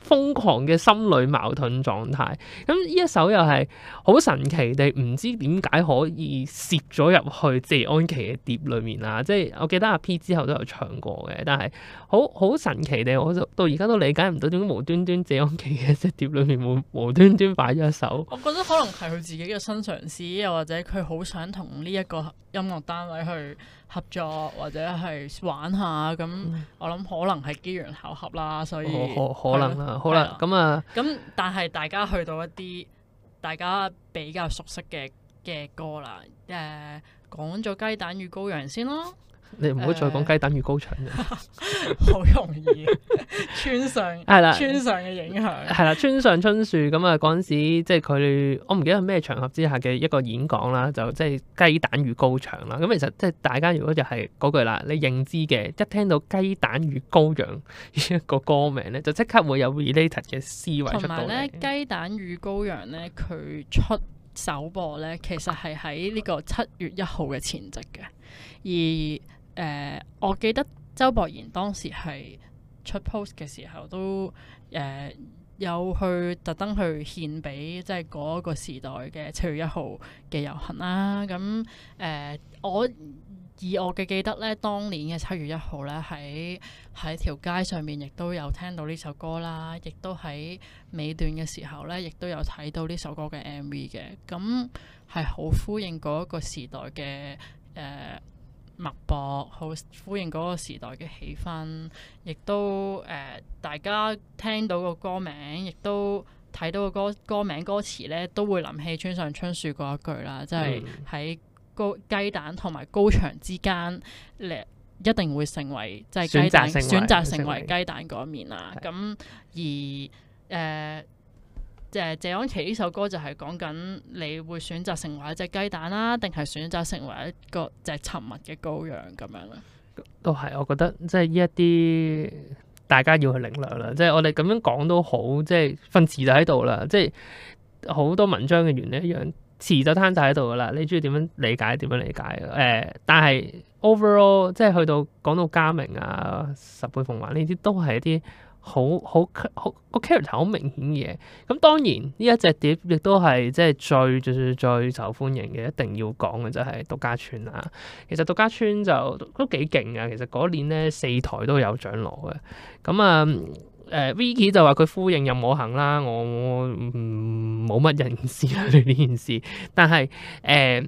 瘋狂嘅心理矛盾狀態，咁呢一首又係好神奇地，唔知點解可以攝咗入去謝安琪嘅碟裏面啦。即係我記得阿 P 之後都有唱過嘅，但係好好神奇地，我就到而家都理解唔到點解無端端謝安琪嘅隻碟裏面會無,無端端擺咗一首。我覺得可能係佢自己嘅新嘗試，又或者佢好想同呢一個音樂單位去。合作或者係玩下咁，我諗可能係機緣巧合啦，所以可可能啦，可能咁啊。咁但係大家去到一啲大家比較熟悉嘅嘅歌啦，誒講咗雞蛋與羔羊先咯。你唔好再講雞蛋與高牆好 容易。 村上係啦，村上嘅影響係啦，村上春樹咁啊。嗰陣時即係佢，我唔記得係咩場合之下嘅一個演講啦，就即係雞蛋與高牆啦。咁其實即係大家如果就係嗰句啦，你認知嘅一聽到雞蛋與高、高牆呢一個歌名咧，就即刻會有 related 嘅思維出到嚟。同埋咧，雞蛋與高牆咧，佢出首播咧，其實係喺呢個七月一號嘅前夕嘅，而。誒、呃，我記得周博賢當時係出 post 嘅時候都，都誒有去特登去獻俾即係嗰個時代嘅七月一號嘅遊行啦。咁、嗯、誒、呃，我以我嘅記得咧，當年嘅七月一號呢，喺喺條街上面亦都有聽到呢首歌啦，亦都喺尾段嘅時候呢，亦都有睇到呢首歌嘅 MV 嘅。咁係好呼應嗰個時代嘅誒。呃脈搏好呼應嗰個時代嘅氣氛，亦都誒、呃、大家聽到個歌名，亦都睇到個歌歌名、歌詞咧，都會諗起村上春樹嗰一句啦，即係喺高、嗯、雞蛋同埋高牆之間，咧一定會成為即係、就是、雞蛋選擇成為雞蛋嗰面啦。咁的而誒。呃即謝安琪呢首歌就係講緊你會選擇成為一隻雞蛋啦，定係選擇成為一個隻沉默嘅羔羊咁樣啦，都係我覺得即係呢一啲大家要去領略啦。即係我哋咁樣講都好，即係份詞就喺度啦。即係好多文章嘅原理一樣，詞就攤晒喺度噶啦。你中意點樣理解點樣理解誒、呃？但係 overall 即係去到講到家明啊、十倍鳳凰呢啲都係一啲。好好好個 character 好明顯嘅，咁當然呢一隻碟亦都係即係最最最受歡迎嘅，一定要講嘅就係、是、獨家村啦。其實獨家村就都幾勁嘅，其實嗰年咧四台都有獎攞嘅。咁、嗯、啊，誒、呃、Vicky 就話佢呼應任我行啦，我我冇乜、嗯、人事對呢件事，但係誒。呃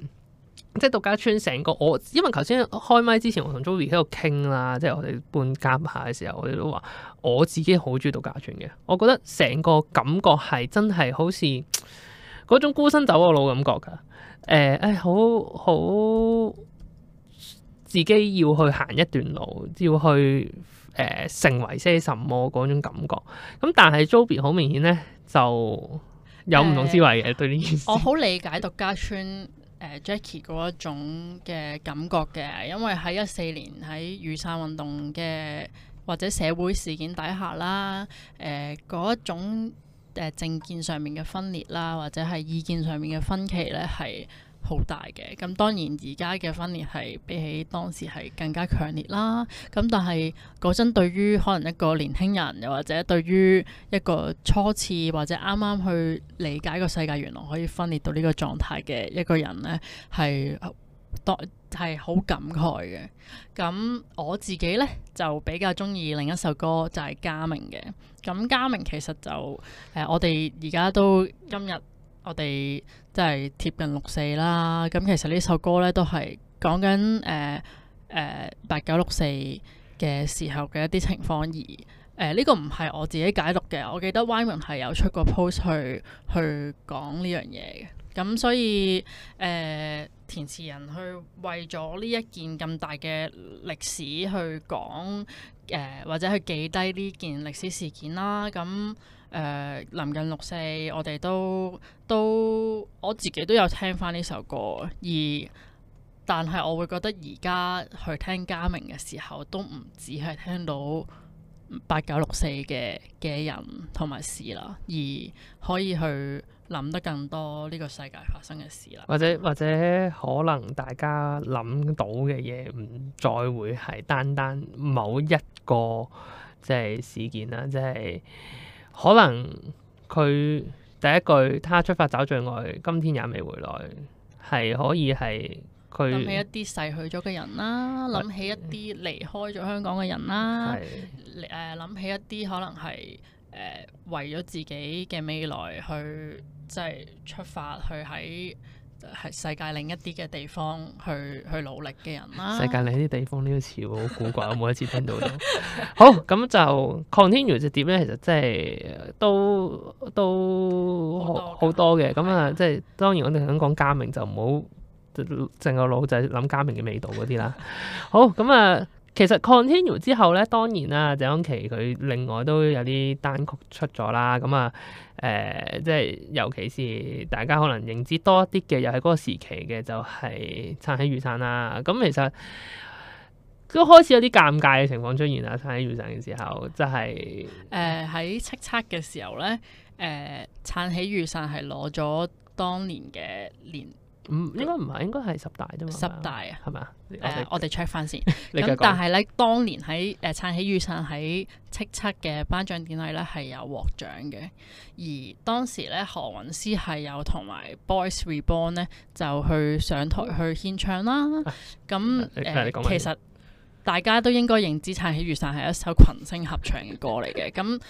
即係獨家村成個我，因為頭先開麥之前，我同 Zoey 喺度傾啦，即係我哋半夾下嘅時候，我哋都話我自己好中意獨家村嘅，我覺得成個感覺係真係好似嗰種孤身走我路感覺噶，誒、呃、誒，好、哎、好自己要去行一段路，要去誒、呃、成為些什麼嗰種感覺。咁但係 Zoey 好明顯咧就有唔同思維嘅，呃、對呢件事，我好理解獨家村。誒 Jackie 嗰一種嘅感覺嘅，因為喺一四年喺雨傘運動嘅或者社會事件底下啦，誒嗰一種誒政見上面嘅分裂啦，或者係意見上面嘅分歧呢，係。好大嘅，咁當然而家嘅分裂係比起當時係更加強烈啦。咁但係嗰陣對於可能一個年輕人，又或者對於一個初次或者啱啱去理解個世界原來可以分裂到呢個狀態嘅一個人咧，係多係好感慨嘅。咁我自己咧就比較中意另一首歌就係《嘉明》嘅。咁《嘉明》其實就誒、呃，我哋而家都今日。我哋即係貼近六四啦，咁其實呢首歌呢，都係講緊誒誒八九六四嘅時候嘅一啲情況而誒，呢、呃這個唔係我自己解讀嘅，我記得 Wyman 係有出過 post 去去講呢樣嘢嘅，咁所以誒填詞人去為咗呢一件咁大嘅歷史去講誒、呃，或者去記低呢件歷史事件啦，咁。誒，臨、呃、近六四，我哋都都我自己都有聽翻呢首歌，而但係我會覺得而家去聽家明嘅時候，都唔止係聽到八九六四嘅嘅人同埋事啦，而可以去諗得更多呢個世界發生嘅事啦，或者或者可能大家諗到嘅嘢唔再會係單單某一個即係、就是、事件啦，即、就、係、是。可能佢第一句，他出發找最愛，今天也未回來，係可以係佢諗起一啲逝去咗嘅人啦、啊，諗起一啲離開咗香港嘅人啦、啊，誒諗的起一啲可能係誒、呃、為咗自己嘅未來去即係出發去喺。係世界另一啲嘅地方去去努力嘅人啦。 世界另一啲地方呢個詞好古怪， 我每一次聽到都好。咁就 continue 隻碟咧，其實即、就、係、是、都都好多嘅。咁啊，即係、 就是、當然我哋想講家明，就唔好淨個腦仔係諗家明嘅味道嗰啲啦。 好咁啊。其實 continue 之後咧，當然啦，謝安琪佢另外都有啲單曲出咗啦。咁啊，誒、呃，即係尤其是大家可能認知多一啲嘅，又係嗰個時期嘅，就係《撐起雨傘》啦。咁、嗯、其實都開始有啲尷尬嘅情況出現啦，《撐起雨傘》嘅時候，即係誒喺叱咤嘅時候咧，誒、呃《撐起雨傘》係攞咗當年嘅年。嗯， 應該唔係，應該係十大啫嘛。十大啊，係咪啊？誒，我哋 check 翻先。咁 但係咧，當年喺誒、呃、撐起雨傘喺叱吒嘅頒獎典禮咧，係有獲獎嘅。而當時咧，何韻詩係有同埋 Boys Reborn 咧，就去上台去獻唱啦。咁誒，其實大家都應該認知撐起雨傘係一首群星合唱嘅歌嚟嘅。咁、 嗯、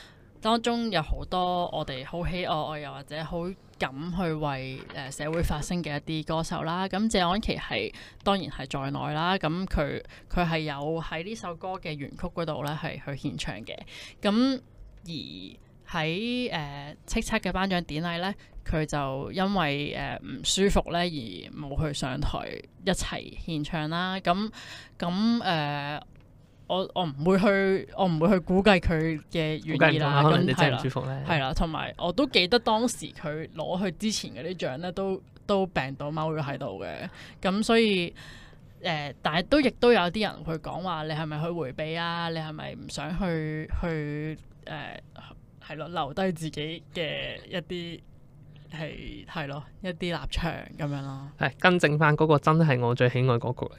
當中有好多我哋好喜愛愛，又或者好。咁去為誒社會發聲嘅一啲歌手啦，咁謝安琪係當然係在內啦。咁佢佢係有喺呢首歌嘅原曲嗰度呢，係去獻唱嘅。咁而喺誒叱咤嘅頒獎典禮呢，佢就因為誒呃、唔舒服呢而冇去上台一齊獻唱啦。咁咁誒。呃我我唔會去，我唔會去估計佢嘅願意啦。咁你真係唔舒服咧係啦，同埋那我都記得當時佢攞去之前嗰啲獎咧，都都病到踎咗喺度嘅。咁所以誒、呃，但係都亦都有啲人去講話，你係咪去回避啊？你係咪唔想去去誒？係、呃、咯，留低自己嘅一啲係係咯，一啲立場咁樣咯。係更正翻，嗰個真係我最喜愛嗰個嚟。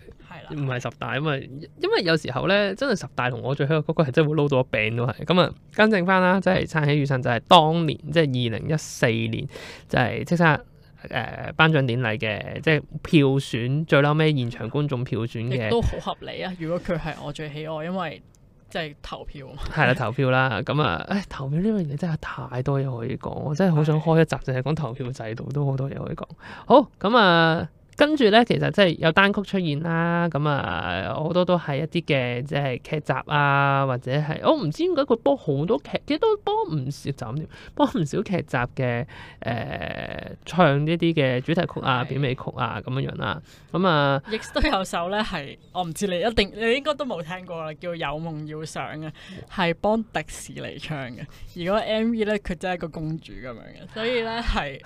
唔係十大，咁啊，因為有時候咧，真係十大同我最響嗰個係真係會撈到我病都係，咁啊，更正翻啦，即係撐起雨傘就係、是、當年、年、就是、即係二零一四年就係即係誒頒獎典禮嘅即係票選最嬲咩？現場觀眾票選嘅都好合理啊！如果佢係我最喜愛，因為即係投票係啦， 投票啦，咁、嗯、啊，誒、哎，投票呢樣嘢真係太多嘢可以講，我真係好想開一集淨係講投票制度，都好多嘢可以講。好，咁、嗯、啊。跟住咧，其實即係有單曲出現啦，咁啊好多都係一啲嘅即係劇集啊，或者係我唔知點解佢播好多劇，其實都幫唔少就咁點，幫唔少劇集嘅誒、呃、唱呢啲嘅主題曲啊、片尾曲啊咁樣啊是樣啦、啊，咁啊亦都有首咧係我唔知你一定你應該都冇聽過啦，叫有夢要想啊，係幫迪士尼唱嘅，而嗰 M V 咧佢真係一個公主咁樣嘅，所以咧係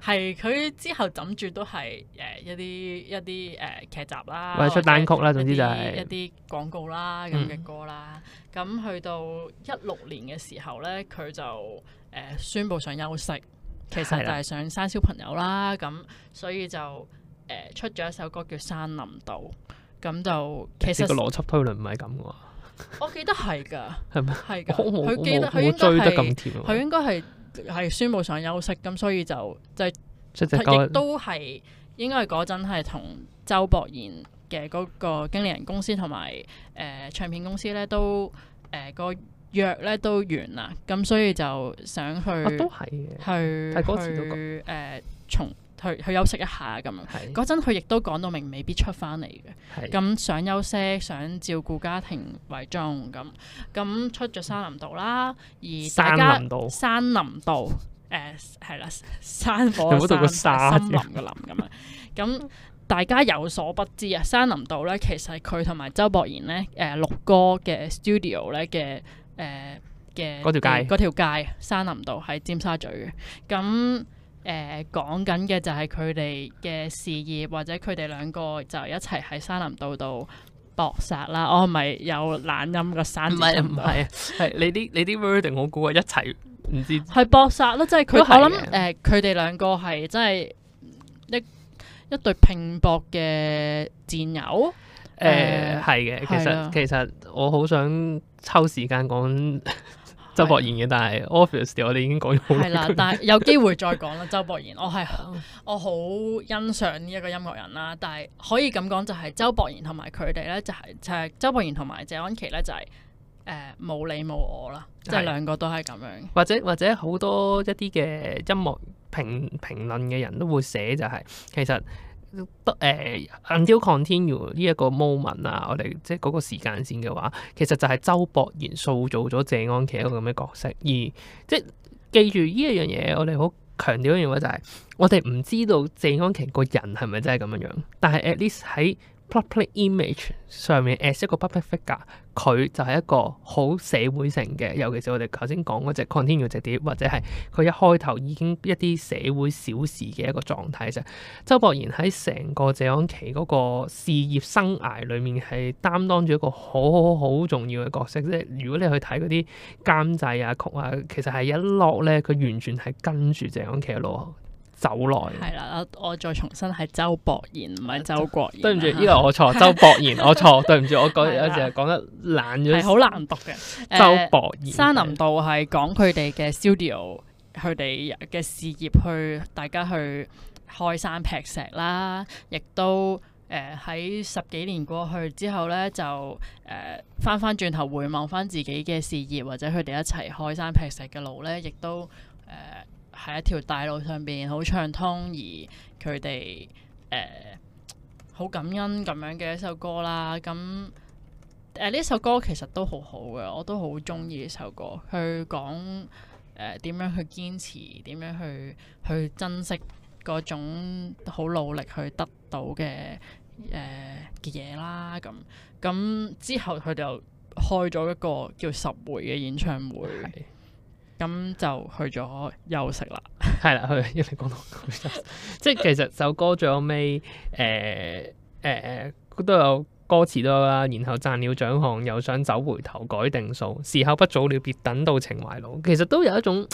係佢之後枕住都係誒。呃一啲一啲誒劇集啦，或者出單曲啦，總之就係、嗯、一啲廣告啦咁嘅歌啦。咁去到一六年嘅時候咧，佢就誒宣布想休息，其實就係想生小朋友啦。咁所以就誒、呃、出咗一首歌叫《山林道》。咁就其實個邏輯推論唔係咁喎。我記得係㗎，係咪 我 的？係㗎，佢記得佢我 應該係佢應該係係宣布想休息，咁所以就就亦都係。應該嗰陣係同周博賢嘅嗰個經理人公司同埋誒唱片公司咧，都、呃、誒、那個約咧都完啦，咁、嗯、所以就想去，都係、啊、去時、呃、重去誒，從去去休息一下咁樣。嗰陣佢亦都講到明，未必出翻嚟嘅。咁是的 想休息，想照顧家庭為重咁。咁、嗯嗯、出咗山林道啦，而大家山林道。誒係啦，山火山林嘅林咁樣，咁 大家有所不知啊，山林道咧其實佢同埋周博賢咧誒六哥嘅 studio 咧嘅誒、呃、嘅嗰條街嗰條街山林道喺尖沙咀嘅，咁、嗯、誒、呃、講緊嘅就係佢哋嘅事業或者佢哋兩個就一齊喺山林道度搏殺啦，我係咪有懶音嘅山？唔係唔係，係你啲你啲 wording 我估啊一齊。唔知，係搏殺咯，即係佢。我諗誒，佢、呃、哋兩個係即係一一對拼搏嘅戰友。誒，係嘅。其實其實我好想抽時間講周博賢嘅，的但係 o f f i c e 我哋已經講咗好耐。係啦，但係有機會再講啦。 周博賢，我係 我好欣賞呢一個音樂人啦。但係可以咁講，就是，就係、是、周博賢同埋佢哋咧，就係就係周博賢同埋謝安琪咧，就係。誒冇你冇我啦，即係兩個都係咁樣或，或者或者好多一啲嘅音樂評評論嘅人都會寫就係、是，其實得、呃、until continue 呢一個 moment 啊，我哋即係嗰個時間線嘅話，其實就係周博賢塑造咗謝安琪一個咁嘅角色。而即係記住呢一樣嘢，我哋好強調一樣嘢就係，我哋唔知道謝安琪個人係咪真係咁樣樣，但係 at least 喺 public image 上面 as 一個 perfect figure。佢就係一個好社會性嘅，尤其是我哋頭先講嗰隻《Kontinue》直碟，或者係佢一開頭已經一啲社會小事嘅一個狀態，就周博賢喺成個謝安琪嗰個事業生涯裏面係擔當住一個好好好重要嘅角色啫。即如果你去睇嗰啲監製啊、曲啊，其實係一落咧，佢完全係跟住謝安琪嘅路。走耐，係啦，我再重新係周博賢唔係周國賢，對唔住，呢、這、來、個、我錯，周博賢， 我錯，對唔住，我嗰日一時講得懶咗，係好難讀嘅，呃、周博賢。山林道係講佢哋嘅 studio，佢哋嘅事業，大去大家去開山劈石啦，亦都誒喺、呃、十幾年過去之後咧，就誒翻翻轉頭回望翻自己嘅事業，或者佢哋一齊開山劈石嘅路咧，亦都誒。呃喺一條大路上邊好暢通，而佢哋誒好感恩咁樣嘅一首歌啦。咁誒呢首歌其實都好好嘅，我都好中意呢首歌，去講誒點樣去堅持，點樣去去珍惜嗰種好努力去得到嘅誒嘅嘢啦。咁咁之後佢哋又開咗一個叫十回嘅演唱會。咁就去咗休息啦，係啦，去一嚟講到休息。即係其實首歌最後尾，誒、呃、誒、呃，都有歌詞都有啦。然後賺了獎項，又想走回頭改定數，時候不早了，別等到情懷老。其實都有一種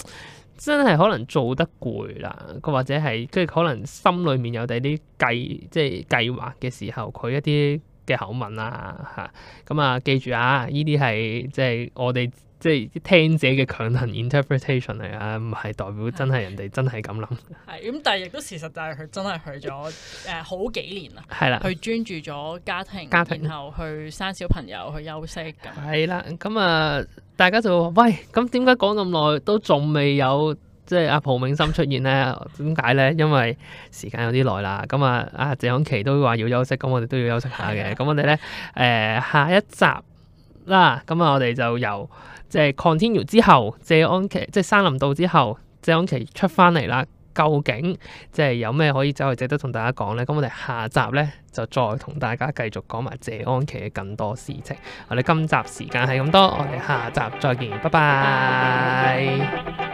真係可能做得攰啦，佢或者係即係可能心裏面有第啲計，即係計劃嘅時候，佢一啲嘅口吻啦吓。咁啊，啊，啊，記住啊，呢啲係即係我哋。.即係聽者嘅強行 interpretation 嚟啊，唔係代表真係人哋真係咁諗。係咁，但係亦都事實就係佢真係去咗誒好幾年啦。係啦，佢專注咗家庭，家庭，然後去生小朋友，去休息。係啦，咁啊，大家就會話：喂，咁點解講咁耐都仲未有即係阿蒲銘心出現咧？點解咧？因為時間有啲耐啦。咁啊，阿謝安琪都話要休息，咁我哋都要休息，要休息下嘅。咁我哋咧，誒下一集啦。咁啊，我哋就由即係 Kontinue 之後，謝安琪即係山林道之後，謝安琪出翻嚟啦。究竟即係有咩可以走去值得同大家講呢？咁我哋下集呢，就再同大家繼續講埋謝安琪嘅更多事情。我哋今集時間係咁多，我哋下集再見，拜拜。